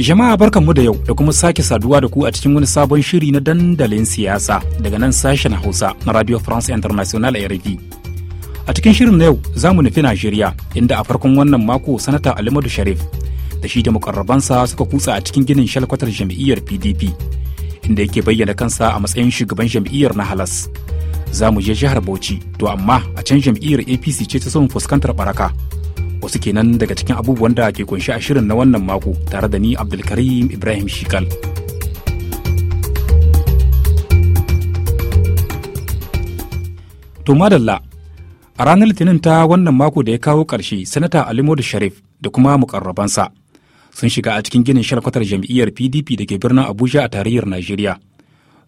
Jama'a barkan mu da yau da kuma sake saduwa da ku a cikin wani sabon shiri na dandalin siyasa daga nan sashen Hausa na Radio France International RFI. A cikin shirin na yau za mu nufi Najeriya inda a farkon wannan mako sanata Alimadu Sharif da shi da mukarrabansa suka kutsa a cikin ginin shalkwatar jam'iyyar PDP inda yake bayyana kansa a matsayin shugaban jam'iyyar na halas. Za mu je jihar Bauchi to amma a can jam'iyyar APC ce ta son fuskantar baraka. wasu kenan daga cikin abubuwan da ke kunshi a shirin na wannan mako tare da ni abdulkarim ibrahim shikal to madalla a ranar litinin ta wannan mako da ya kawo ƙarshe sanata alimodu sharif da kuma mukarrabansa sun shiga a cikin ginin shalkwatar jam'iyyar pdp da birnin abuja a tarayyar najeriya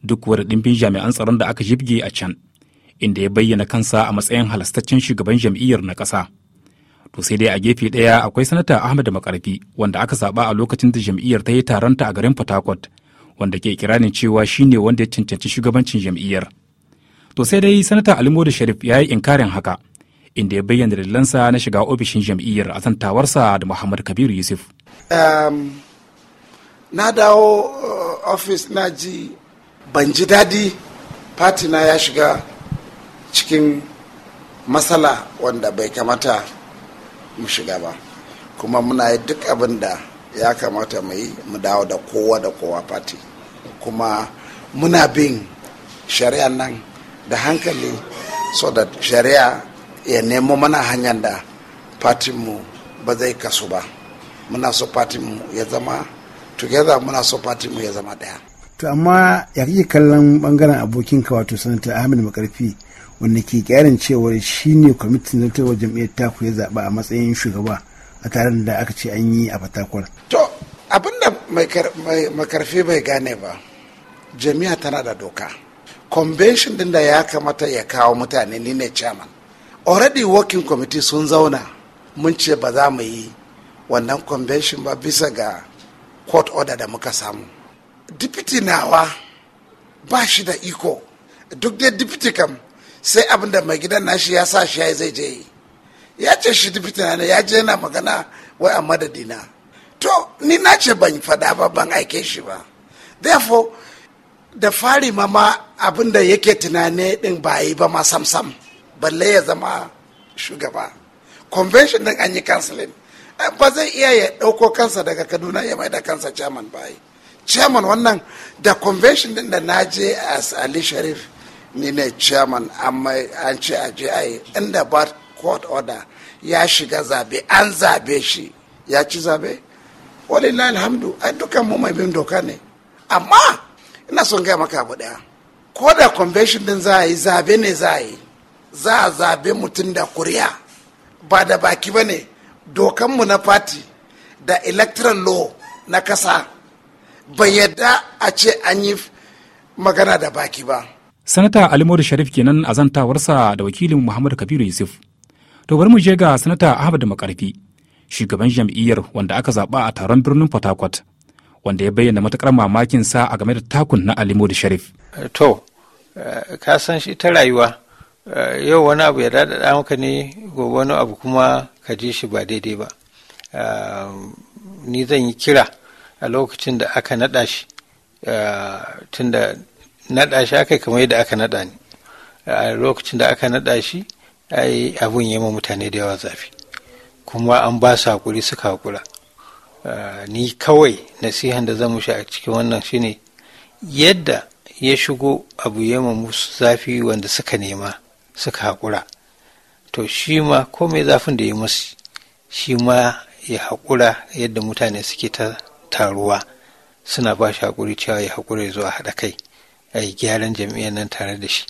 duk wani ɗimbin jami'an tsaron da aka jibge a can inda ya bayyana kansa a matsayin halastaccen shugaban jam'iyyar na ƙasa To sai dai a gefe ɗaya akwai sanata ahmed Makarfi wanda aka saba a lokacin da jam'iyyar ta yi taronta a garin Fatakwat wanda ke kiranin cewa shine wanda ya cancanci shugabancin jam'iyyar. To sai dai sanata modi Sharif ya yi inkarin haka inda ya bayyana dalilansa na shiga ofishin jam'iyyar a santawarsa da Muhammad Kabiru Yusuf. na dawo uh, ofis na ji ban ji daɗi fatina ya shiga cikin matsala wanda bai kamata mu shiga ba kuma muna yi duk abin da ya kamata mu yi mu dawo da kowa da kowa fati kuma muna bin shari'a nan da hankali so da shari'a ya nemo mana hanyar da fatinmu ba zai kasu ba muna so fatinmu ya zama together muna so mu ya zama daya to amma ya kake kallon bangaren abokinka wato sanata ahmed makarfi wanda ke kyarin cewar shi ne kwamitin zartarwar jam'iyyar taku ya zaɓa a matsayin shugaba a taron da aka ce an yi a fatakwal to abin da makarfi bai gane ba jami'a tana da doka convention din da ya kamata ya kawo mutane ni ne chairman already working committee sun zauna mun ce ba za mu yi wannan convention ba bisa ga court order da muka samu dipiti nawa ba shi da iko duk dai dipiti kam sai abin da mai gidan nashi ya sa shi ya zai je ya ce shi dipiti na ya je yana magana wai a madadina to ni na ce ban fada ba ban aike shi ba therefore da fari mama abin da yake tunani din ba yi ba ma sam balle ya zama shugaba convention din an yi counseling eh, ba zai iya ya ɗauko kansa daga kaduna ya mai da kansa chairman ba chairman wannan da convention din da na je as ali sharif ni ne chairman amma an ce a je a yi inda ba court order ya shiga zabe an zabe shi ya ci zabe na alhamdu a dukkan mu mai bin doka ne amma ina son gaya maka abu daya ko da convention din za a yi zabe ne za a yi za a zabe mutum da kuriya ba da baki ba ne dokanmu na party da electoral law na kasa bai yadda a ce an yi magana da baki ba. Sanata Alimodu Sharif kenan a zantawarsa da wakilin Muhammadu Kabiru Yusuf. To bari mu je ga Sanata Ahmad Makarfi, shugaban jam'iyyar wanda aka zaɓa a taron birnin Port wanda ya bayyana matukar mamakin sa a game da takun na Alimodu Sharif. Eh, to, eh, ka san shi ta rayuwa, eh, yau wani abu ya daɗaɗa maka ne gobe wani abu kuma ka ji shi ba daidai ba. Ni zan yi kira. a lokacin da aka naɗa shi tun da naɗa shi aka kamar yadda aka naɗa ni a lokacin da aka naɗa shi ai abun yi mutane da yawa zafi kuma an ba su haƙuri suka hakura ni kawai nasihan da zan mushi a cikin wannan shine yadda ya shigo abu ya ma musu zafi wanda suka nema suka hakura to shi ma komai zafin da ya musu shi ma ya haƙura yadda mutane suke ta taruwa suna ba shi haƙuri cewa ya haƙuri a haɗa kai a yi gyaran jam'iyyar nan tare da shi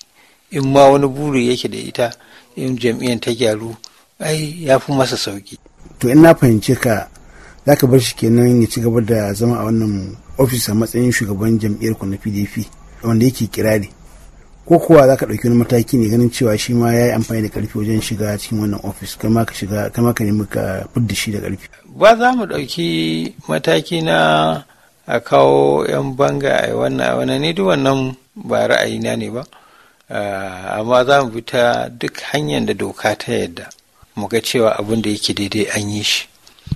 in ma wani buri yake da ita in jami'an ta gyaru ai ya fi masa sauki. to in na fahimce ka za ka bar shi kenan ya ci gaba da zama a wannan ofis a matsayin shugaban jam'iyyar ku na pdp wanda yake kirari. ko kuwa za ka ɗauki wani mataki ne ganin cewa shi ma ya yi amfani da ƙarfi wajen shiga cikin wannan ofis kama ka shiga kama ka nemi ka fidda shi da ƙarfi. ba za mu ɗauki mataki na a kawo 'yan banga a wannan a wannan ne duk wannan ba ra'ayina ne ba ah, amma za mu bi ta duk hanyar da doka ta yadda mu ga cewa abin da yake daidai an yi shi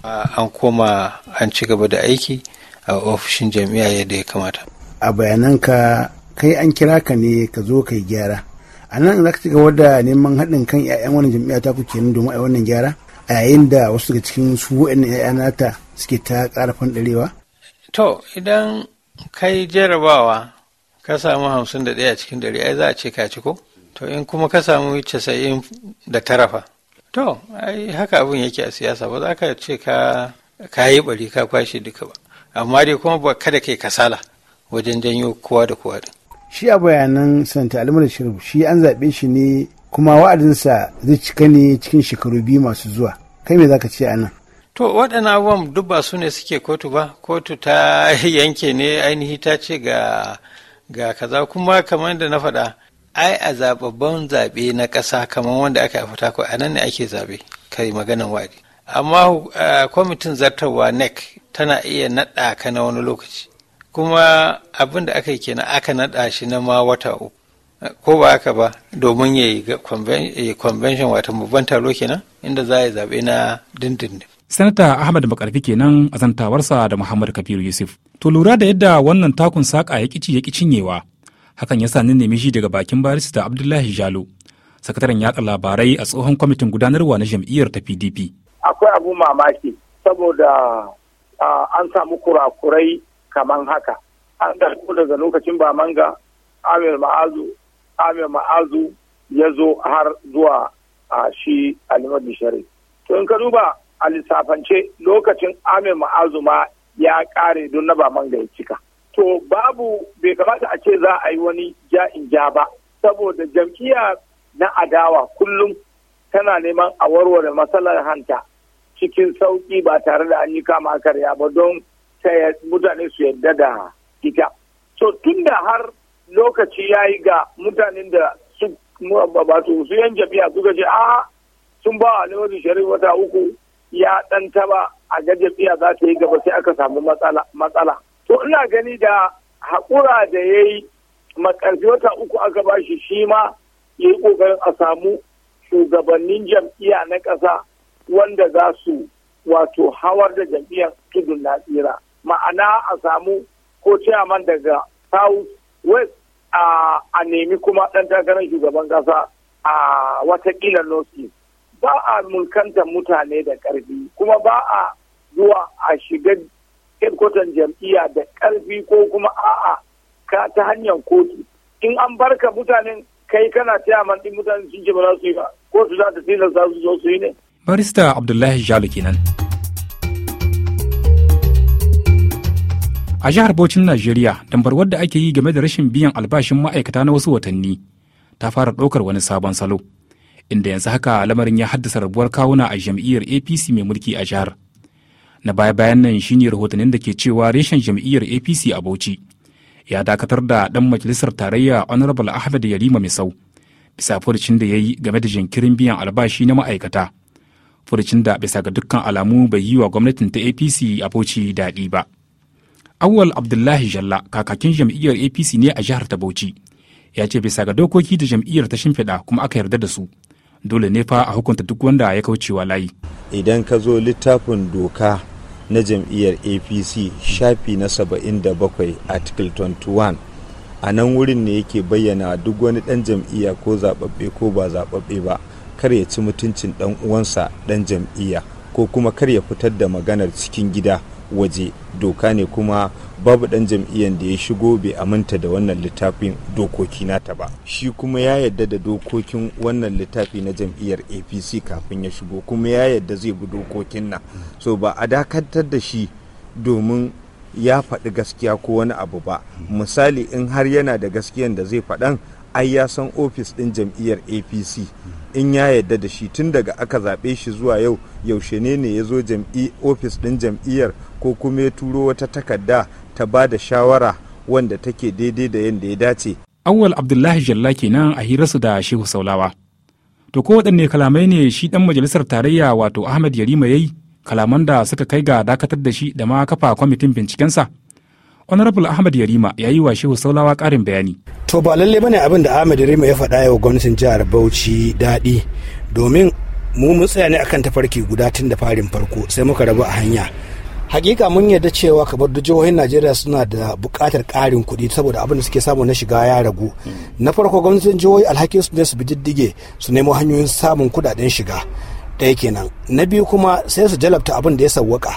ah, an koma an ci gaba da aiki a ofishin jami'a yadda ya kamata a bayananka kai an kira ka ne ka zo ka yi gyara a nan za ka ci gaba da neman haɗin kan 'ya'yan wani jam'iyya ta kuke nan domin a wannan gyara a yayin da wasu daga cikin su wa'annan 'ya'ya nata suke ta ƙara fanɗarewa? to idan kai jarabawa ka samu hamsin da ɗaya cikin ɗari ai za a ce ka ci ko to in kuma ka samu casa'in da tarafa to ai haka abin yake a siyasa ba za ka ce ka ka yi bari ka kwashe duka ba amma dai kuma ba kada kai kasala wajen janyo kowa da kowa din shi a bayanan Santa alimar shirin shi an zaɓe shi ne kuma wa'adinsa zai cika ne cikin shekaru biyu masu zuwa kai me zaka ce a nan to waɗannan abubuwan duk ba su ne suke kotu ba kotu ta yanke ne ainihi ta ce ga ga kaza kuma kamar da na faɗa ai a zababban zaɓe na ƙasa kamar wanda aka yi fita a nan ne ake zaɓe kai maganan wa'adi amma uh, kwamitin zartarwa nec tana iya naɗa ka na wani lokaci kuma abin da aka yi kenan aka naɗa shi na ma wata uku ko ba aka ba domin ya yi convention wata babban taro kenan inda za a yi zaɓe na dindindin. sanata ahmad makarfi kenan a zantawarsa da muhammad kabiru yusuf to lura da yadda wannan takun saƙa ya ƙici ya ƙi cinyewa hakan ya sa ni nemi shi daga bakin barista abdullahi jalo sakataren yaɗa labarai a tsohon kwamitin gudanarwa na jam'iyyar ta pdp akwai abu mamaki saboda ah, an samu kurakurai kaman haka an ɗarko daga lokacin ba manga amir ma'azu amir ma'azu ya zo har zuwa a shi alimadu shari to in ka duba a lissafance lokacin amir ma'azu ma ya ƙare don na ba manga ya cika to babu bai kamata a ce za a yi wani ja in ja ba saboda jam'iyya na adawa kullum tana neman a warware matsalar hanta cikin sauƙi ba tare da an yi kama karya ba don mutane su yarda da ita so tun da har lokaci ya yi ga mutanen da su wato su yan jami'a suka ce a sun ba alimadu shari'a wata uku ya dan taba a ga jami'a za ta yi gaba sai aka samu matsala to ina gani da haƙura da ya yi makarfi wata uku aka ba shi shi ma ya yi ƙoƙarin a samu shugabannin jam'iyya na ƙasa wanda za su wato hawar da jam'iyyar tudun na tsira ma'ana a samu ko ciyaman daga south west a nemi kuma ɗan takarar shugaban ƙasa a watakila North east ba a mulkantar mutane da ƙarfi kuma ba a zuwa a shiga hedkwatan jam'iyya da ƙarfi ko kuma a'a ka ta hanyar kotu in an barka mutanen kai kana taya man ɗin mutane sun ce ba za su yi ba kotu za ta tilasta su zo su yi ne. barista abdullahi jalu kenan. a jihar Bauchin Najeriya dambarwar wadda ake yi game da rashin biyan albashin ma'aikata na wasu watanni ta fara ɗaukar wani sabon salo inda yanzu haka lamarin ya haddasa rabuwar kawuna a jam'iyyar APC mai mulki a jihar na baya-bayan nan shine rahotannin da ke cewa reshen jam'iyyar APC a Bauchi ya dakatar da dan majalisar tarayya Honorable Ahmed Yarima Misau bisa furucin da ya yi game da jinkirin biyan albashi na ma'aikata furucin da bisa ga dukkan alamu bai yi wa gwamnatin ta APC a Bauchi daɗi ba. awwal abdullahi jalla kakakin jam'iyyar apc ne a jihar ta bauchi ya ce bisa ga dokoki da jam'iyyar ta shimfida kuma aka yarda da su dole ne fa a hukunta duk wanda ya kaucewa layi idan ka zo littafin doka na jam'iyyar apc shafi na 77 article 21 a nan wurin ne yake bayyana duk wani dan jam'iyya ko zababbe ko ba zababbe ba kar ya ci mutuncin dan uwansa dan jam'iyya ko kuma kar ya fitar da maganar cikin gida waje doka ne kuma babu dan jam'iyyar da ya shigo bai aminta da wannan littafin dokoki nata ba shi kuma ya yadda da dokokin wannan littafi na jam'iyyar apc kafin ya shigo kuma ya yadda zai bi dokokin nan so ba a dakatar da shi domin ya faɗi gaskiya ko wani abu ba misali in har yana da gaskiyan da zai faɗan ai ya san ofis din jam'iyyar apc in ya yadda da shi tun daga aka zaɓe shi zuwa yau yaushe ne ne ya zo ofis din jam'iyyar ko kuma ya turo wata takarda ta ba da shawara wanda take daidai da yadda ya dace. awwal abdullahi jalla kenan a su da shehu saulawa to ko waɗanne kalamai ne shi ɗan majalisar tarayya wato ahmad yarima yayi kalaman da suka kai ga dakatar da shi da ma kafa kwamitin bincikensa. honorable ahmad yarima ya yi wa shehu saulawa karin bayani to ba lalle bane abin da ahmad yarima ya faɗa yau gwamnatin jihar bauchi daɗi domin mu mun tsaya ne akan tafarki guda tun da farin farko sai muka rabu a hanya hakika mun yarda cewa kamar da jihohin najeriya suna da buƙatar ƙarin kuɗi saboda abin da suke samu na shiga ya ragu na farko gwamnatin jihohi alhakin su ne su bi diddige su nemo hanyoyin samun kuɗaɗen shiga ɗaya kenan na biyu kuma sai su jalabta abin da ya sawwaka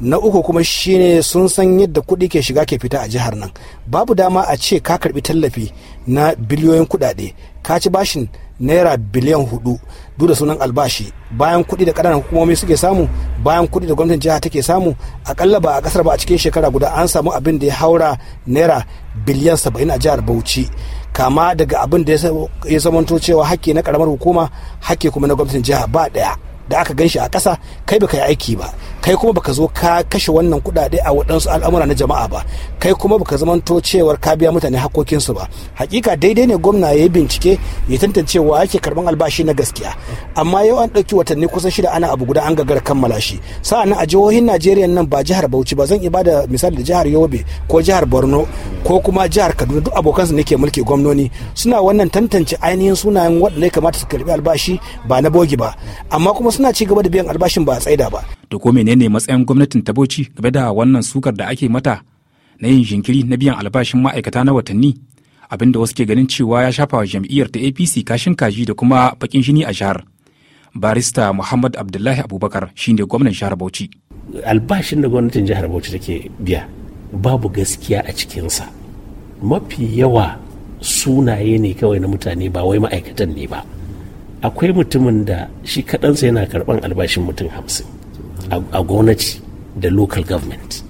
na uku kuma shine sun san yadda kuɗi ke shiga ke fita a jihar nan babu dama a ce ka karbi tallafi na biliyoyin kuɗaɗe ka ci bashin naira biliyan hudu duk da sunan albashi bayan kuɗi da ƙananan hukumomi suke samu bayan kuɗi da gwamnatin jiha take samu aƙalla ba a ƙasar ba a cikin shekara guda an samu abin da ya haura naira biliyan saba'in a jihar bauchi kama daga abin da ya zamanto cewa hakki na ƙaramar hukuma hakki kuma na gwamnatin jiha ba ɗaya da aka gan shi a ƙasa kai baka yi aiki ba kai kuma baka zo ka kashe wannan kuɗaɗe a waɗansu al'amura na jama'a ba kai kuma baka zamanto cewar ka biya mutane hakokinsu ba hakika daidai ne gwamna ya yi bincike ya tantance wa yake karban albashi na gaskiya amma yau an ɗauki watanni kusan shida ana abu guda an gagara kammala shi sa'an a jihohin najeriya nan ba jihar bauchi ba zan ibada misali da jihar yobe ko jihar borno ko kuma jihar kaduna duk abokansu ne ke mulki gwamnoni suna wannan tantance ainihin sunayen waɗanda ya kamata su karbi albashi ba na bogi ba amma kuma suna ci gaba da biyan albashin ba a tsaida ba da ko menene matsayin gwamnatin ta Bauchi game da wannan sukar da ake mata na yin jinkiri na biyan albashin ma'aikata na watanni abin wasu ke ganin cewa ya shafa wa jam'iyyar ta APC kashin kaji da kuma bakin shini a jihar. Barista Muhammad Abdullahi Abubakar shine gwamnan jihar Bauchi. Albashin da gwamnatin jihar Bauchi take biya babu gaskiya a cikinsa. Mafi yawa sunaye ne kawai na mutane ba wai ma'aikatan ne ba. Akwai mutumin da shi kaɗansa yana karɓan albashin mutum hamsin. a gwamnati da local government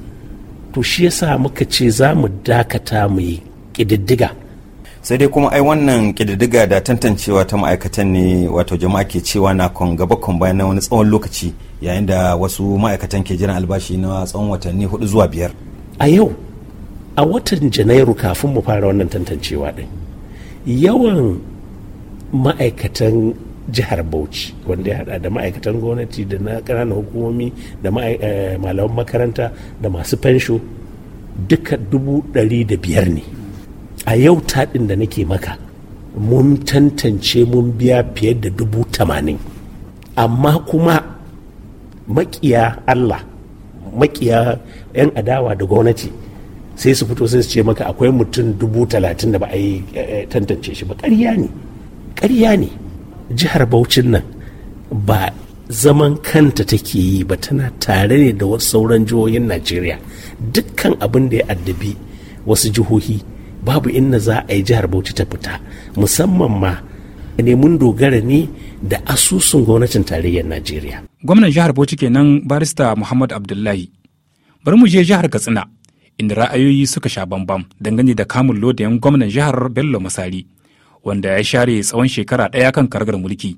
to shi yasa muka ce za mu dakata mu yi ƙididdiga sai dai kuma ai wannan ƙididdiga da tantancewa ta ma'aikatan ne wato jama'a ke cewa na kon gaba kon bayan na wani tsawon lokaci yayin da wasu ma'aikatan ke jiran albashi na tsawon watanni hudu zuwa biyar a yau a watan janairu kafin mu fara wannan tantancewa din yawan ma'aikatan jihar bauchi wanda ya hada da ma'aikatan gwamnati da na ƙananan hukumomi da eh, malaman makaranta da masu fensho duka dubu ɗari da biyar ne a yau taɗin da nake maka mun tantance mun biya fiye da dubu tamanin amma kuma makiya allah makiya 'yan adawa da gwamnati sai su fito sai su ce maka akwai mutum dubu talatin da ba a yi eh, eh, tantance shi ba ƙarya ne ƙarya ne jihar Bauchin nan ba zaman kanta take yi ba tana tare ne da wasu sauran jihohin Najeriya dukkan abin da ya addabi wasu jihohi babu inda za a yi jihar Bauchi ta fita musamman ma nemun dogara ne da asusun gwamnatin tarayyar Najeriya. Gwamnan jihar Bauchi kenan barista Muhammad Abdullahi. Bari mu je jihar Katsina inda ra'ayoyi suka sha bambam dangane da kamun lodayen gwamnan jihar Bello Masari. wanda ya share tsawon shekara ɗaya kan karagar mulki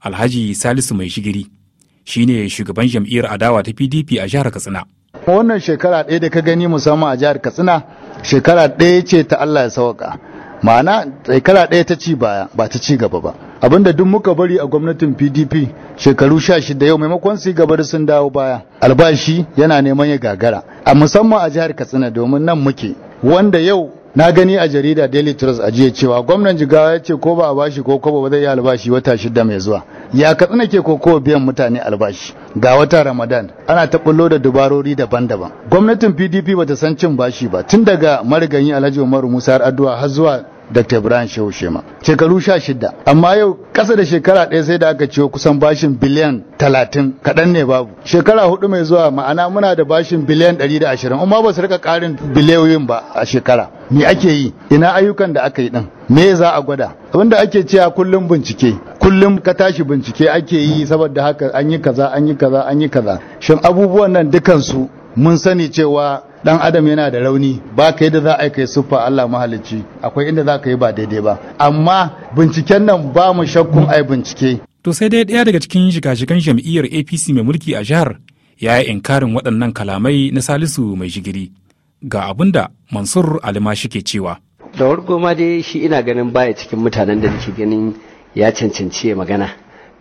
alhaji salisu mai shigiri ne shugaban jam'iyyar adawa ta pdp a jihar katsina wannan shekara ɗaya da ka gani musamman a jihar katsina shekara ɗaya ce ta allah ya sauka ma'ana shekara ɗaya ta ci baya ba ta ci gaba ba abinda duk muka bari a gwamnatin pdp shekaru sha shida yau maimakon su gaba da sun dawo baya albashi yana neman ya gagara a musamman a jihar katsina domin nan muke wanda yau na gani a jarida daily trust a jiya cewa gwamnan jigawa ya ce ko ba a bashi ko kwabo ba zai yi albashi wata shida mai zuwa ya katsina ke ko kowa biyan mutane albashi ga wata ramadan ana ta bullo da dubarori daban-daban gwamnatin pdp bata san cin bashi ba tun daga marigayi alhaji umaru musa har addu'a har zuwa dr ibrahim shehu shema shekaru sha shida amma yau ƙasa da shekara ɗaya sai da aka ciwo kusan bashin biliyan talatin kaɗan ne babu shekara hudu mai zuwa ma'ana muna da bashin biliyan ɗari da ashirin amma ba su rika ƙarin biliyoyin ba a shekara me ake yi ina ayyukan da aka yi ɗin me za a gwada Abin abinda ake cewa kullum bincike kullum ka tashi bincike ake yi saboda haka an yi kaza an yi kaza an yi kaza shin abubuwan nan dukansu mun sani cewa dan adam yana da rauni ba kai da za a kai siffa Allah mahalicci akwai inda za ka yi ba daidai ba amma binciken nan ba mu shakkun ai bincike to sai dai ɗaya daga cikin shiga-shigan jam'iyyar APC mai mulki a jihar ya yi inkarin waɗannan kalamai na Salisu mai jigiri ga abin da Mansur alima shike cewa da farko ma dai shi ina ganin baya cikin mutanen da nake ganin ya cancanci ya magana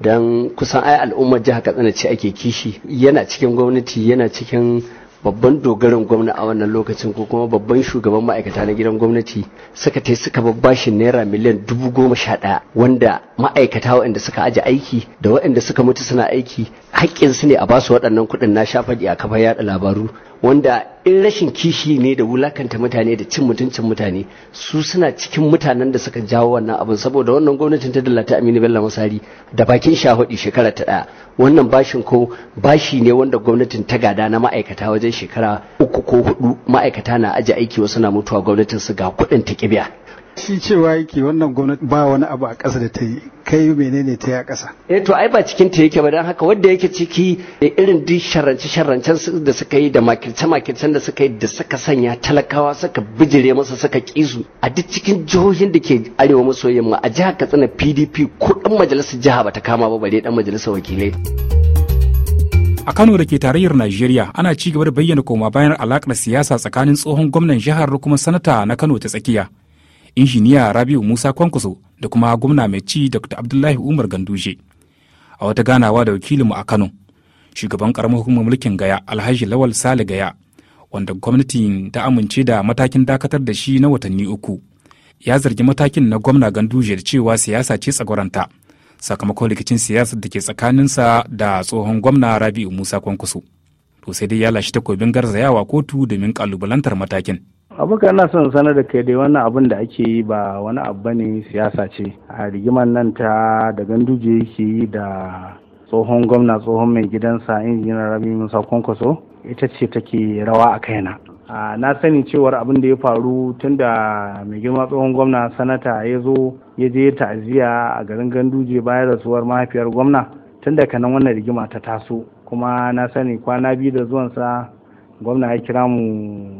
don kusan ai al'ummar jihar katsina ce ake kishi yana cikin gwamnati yana cikin babban dogaran gwamna a wannan lokacin ko kuma babban shugaban ma'aikata na gidan gwamnati suka tai suka babbashin naira miliyan dubu goma sha ɗaya wanda ma'aikata waɗanda suka ajiye aiki da waɗanda suka mutu suna aiki haƙƙinsu ne a basu waɗannan kuɗin na shafa a kafar yaɗa labaru wanda in rashin kishi ne da wulakanta mutane da cin mutuncin mutane su suna cikin mutanen da suka jawo wannan abin saboda wannan gwamnatin ta dalata aminu bello masari da bakin shahudi shekara ta daya wannan bashin ko bashi ne wanda gwamnatin ta gada na ma'aikata wajen shekara uku ko hudu ma'aikata na aji aiki wasu na mutuwa gwamnatin su ga kuɗin ta kibiya shi cewa yake wannan gwamnati ba wani abu a ƙasa da ta yi kai menene ta yi a ƙasa eh to ai ba cikin ta yake ba dan haka wanda yake ciki da eh, irin duk sharrance sharrancen da suka yi da makirce makircen da suka yi da suka sanya talakawa suka bijire masa suka kisu a duk cikin jihohin da ke arewa maso yamma a jihar Katsina PDP ko dan majalisar jiha ba ta kama ba bare dan majalisar wakilai a kano da ke tarayyar najeriya ana ci gaba da bayyana koma bayan alakar siyasa tsakanin tsohon gwamnan jihar kuma sanata na kano ta tsakiya injiniya rabiu musa kwankwaso da kuma gwamna mai ci dr abdullahi umar ganduje a wata ganawa da wakilinmu a kano shugaban karamar hukumar mulkin gaya alhaji lawal sale gaya wanda gwamnatin ta amince da matakin dakatar da shi na watanni uku ya zargi matakin na gwamna ganduje da cewa siyasa ce tsagwaranta sakamakon rikicin siyasar da ke tsakaninsa da tsohon gwamna rabi'u musa kwankwaso to dai ya lashe takobin garzayawa kotu domin kalubalantar matakin abuka na son sanar da kai dai wannan abin da ake yi ba wani abu bane siyasa ce a rigimar nan ta da ganduje yake yi da tsohon gwamna tsohon mai gidansa injiniyar rabi musa kwankwaso ita ce take rawa a kaina na sani cewar abin da ya faru tun da mai girma tsohon gwamna sanata ya zo ya je ta'aziyya a garin ganduje bayan rasuwar mahaifiyar gwamna tun da kanan wannan rigima ta taso kuma na sani kwana biyu da zuwansa gwamna ya kira mu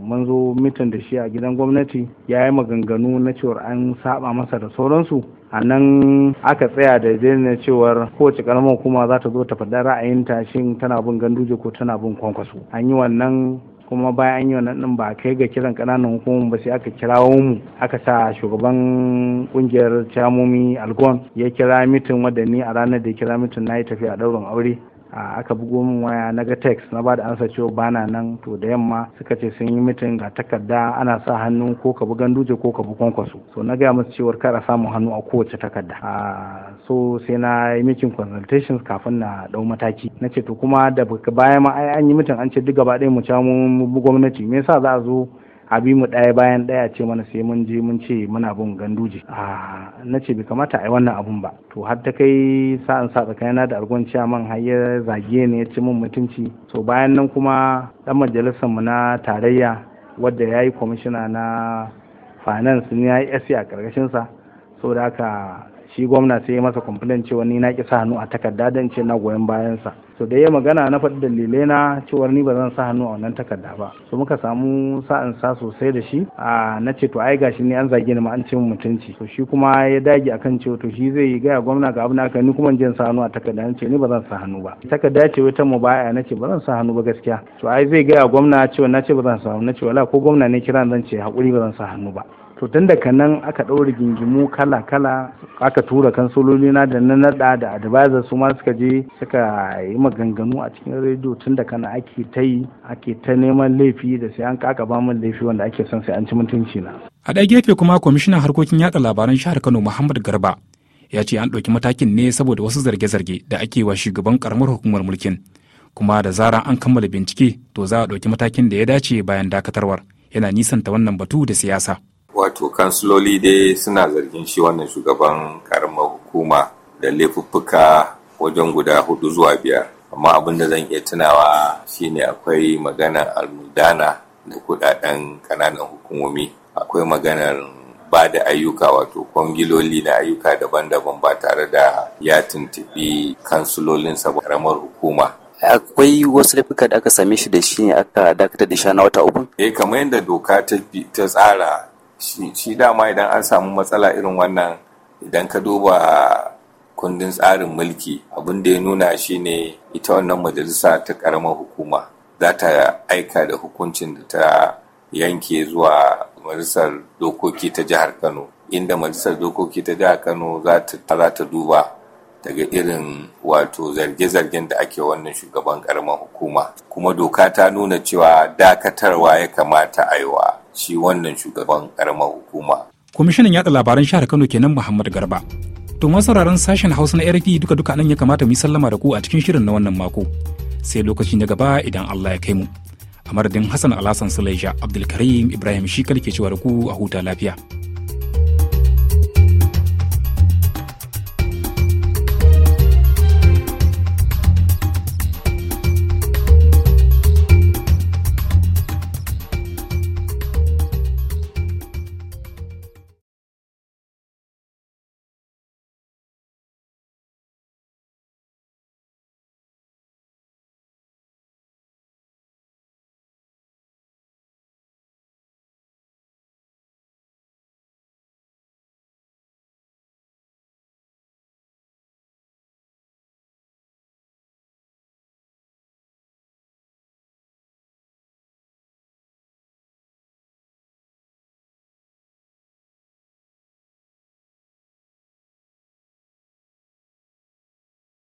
mun zo mitin da shi a gidan gwamnati ya yi maganganu na cewar an saba masa da sauransu a nan aka tsaya da na cewar kowace karamar kuma za ta zo ta faɗa ra'ayinta shin tana bin ganduje ko tana bin kwankwaso an yi wannan kuma bayan an yi wannan din ba kai ga kiran kananan hukumomi ba sai aka kirawo mu aka sa shugaban kungiyar camomi algon ya kira mitin wadda ni a ranar da ya kira mitin na yi tafiya a ɗaurin aure aka bugo min waya na ga text na bada da ansa cewa bana nan to da yamma suka ce sun yi mitin ga takarda ana sa hannu ko ka bi ganduje ko ka bi kwankwaso so na gaya musu cewar kar a samu hannu a kowace takarda A so sai na yi mitin consultations kafin na dau mataki na ce to kuma da bayan ma an yi mitin an ce duk gaba ɗaya mu ca mu gwamnati me yasa za a zo a bi mu ɗaya bayan ɗaya ce mana sai mun je mun ce muna bin ganduje a na ce bai kamata a yi wannan abun ba to har ta kai sa'an sa tsakanina da argon man har ya zage ne ya ci min mutunci so bayan nan kuma dan majalisar mu na tarayya wadda ya yi kwamishina na finance ne ya yi a karkashin sa so da haka shi gwamna sai ya masa kwamfilin cewa ni na ki sa hannu a takarda don ce na goyon bayansa. sa da ya magana na faɗi dalilai na cewa ni ba zan sa hannu a wannan takarda ba so muka samu sa'an sa sosai da shi a na ce to ai gashi ne an zage ni ma an ce mutunci to shi kuma ya dage akan cewa to shi zai gaya gwamna ga abin aka ni kuma in sa hannu a takarda ce ni ba zan sa hannu ba takarda ce wata mu baya na ce ba zan sa hannu ba gaskiya to ai zai gaya gwamna cewa na ce ba zan sa hannu na ce wala ko gwamna ne kiran zan ce hakuri ba zan sa hannu ba to tun daga nan aka ɗaure gingimu kala-kala aka tura kansololi na da na naɗa da advisor su ma suka je suka yi maganganu a cikin rediyo tun daga nan ake ta yi ake ta neman laifi da sai an kaka ba min laifi wanda ake son sai an ci mutunci na. a ɗaya gefe kuma kwamishinan harkokin yatsa labaran shahar kano muhammad garba ya ce an ɗauki matakin ne saboda wasu zarge-zarge da ake wa shugaban karamar hukumar mulkin kuma da zarar an kammala bincike to za a ɗauki matakin da ya dace bayan dakatarwar yana nisanta wannan batu da siyasa. wato kansuloli dai suna zargin shi wannan shugaban karamar hukuma da laifuffuka wajen guda hudu zuwa biyar amma abin da zan iya tunawa shine akwai maganar almudana da kudaden kananan hukumomi akwai maganar ba da ayyuka wato kwangiloli na ayyuka daban-daban ba tare da ya tuntubi kansulolin karamar hukuma akwai wasu laifuka da aka same shi da shi ne aka dakatar da sha na wata uku? eh kamar yadda doka ta tsara shi dama idan an samu matsala irin wannan idan ka duba kundin tsarin mulki abin da ya nuna shi ne ita wannan majalisa ta karamar hukuma za ta aika da hukuncin da ta yanke zuwa majalisar dokoki ta jihar kano inda majalisar dokoki ta jihar kano za ta duba daga irin wato zarge-zargen da ake wannan shugaban karamar hukuma kuma doka ta nuna cewa dakatarwa ya kamata a yi wa shi wannan shugaban karamar hukuma. Kwamishinan yada labaran shahar Kano kenan Muhammad Garba. Domin sauraron sashen Hausa na RFI duka duka nan ya kamata mu yi sallama da ku a cikin shirin na wannan mako. Sai lokaci na gaba idan Allah ya kai mu. A madadin Hassan Alhassan Sulaija, Abdulkarim Ibrahim shi ke cewa da ku a huta lafiya.